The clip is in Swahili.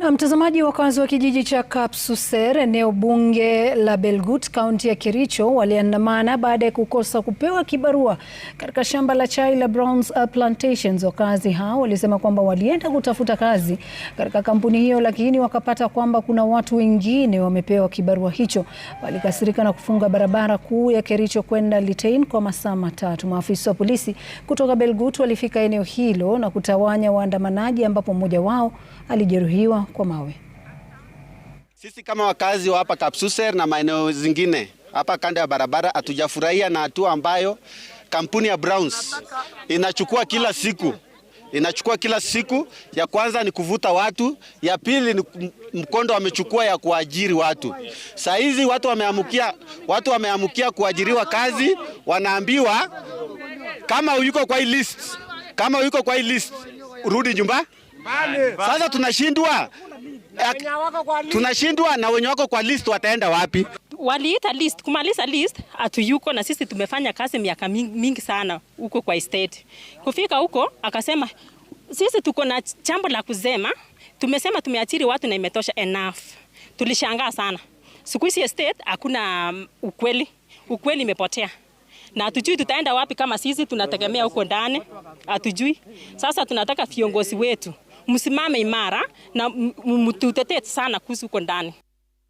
Na mtazamaji, wakazi wa kijiji cha Kapsuser eneo bunge la Belgut kaunti ya Kericho waliandamana baada ya kukosa kupewa kibarua katika shamba la chai la Browns Plantations. Wakazi hao walisema kwamba walienda kutafuta kazi katika kampuni hiyo, lakini wakapata kwamba kuna watu wengine wamepewa kibarua hicho. Walikasirika na kufunga barabara kuu ya Kericho kwenda Litein kwa masaa matatu. Maafisa wa polisi kutoka Belgut walifika eneo hilo na kutawanya waandamanaji, ambapo mmoja wao alijeruhiwa kwa mawe. Sisi kama wakazi wa hapa Kapsuser na maeneo zingine hapa kando ya barabara hatujafurahia na hatua ambayo kampuni ya Browns inachukua kila siku inachukua kila siku. Ya kwanza ni kuvuta watu, ya pili ni mkondo wamechukua ya kuajiri watu. Saa hizi watu wameamukia watu wameamukia kuajiriwa kazi, wanaambiwa kama uko kwa hii list, kama uko kwa hii list rudi nyumba. Sasa tunashindwa tunashindwa na wenye wako kwa list wataenda wapi? Waliita list, kumaliza list hatuyuko, na sisi tumefanya kazi miaka mingi sana huko kwa estate. Kufika huko akasema sisi tuko na jambo la kusema, tumesema tumeachiri watu na imetosha, enough. Tulishangaa sana siku hizi estate hakuna um, ukweli, ukweli imepotea na hatujui tutaenda wapi. Kama sisi tunategemea huko ndani, hatujui. Sasa tunataka viongozi wetu msimame imara na mtutetee sana kuhusu huko ndani.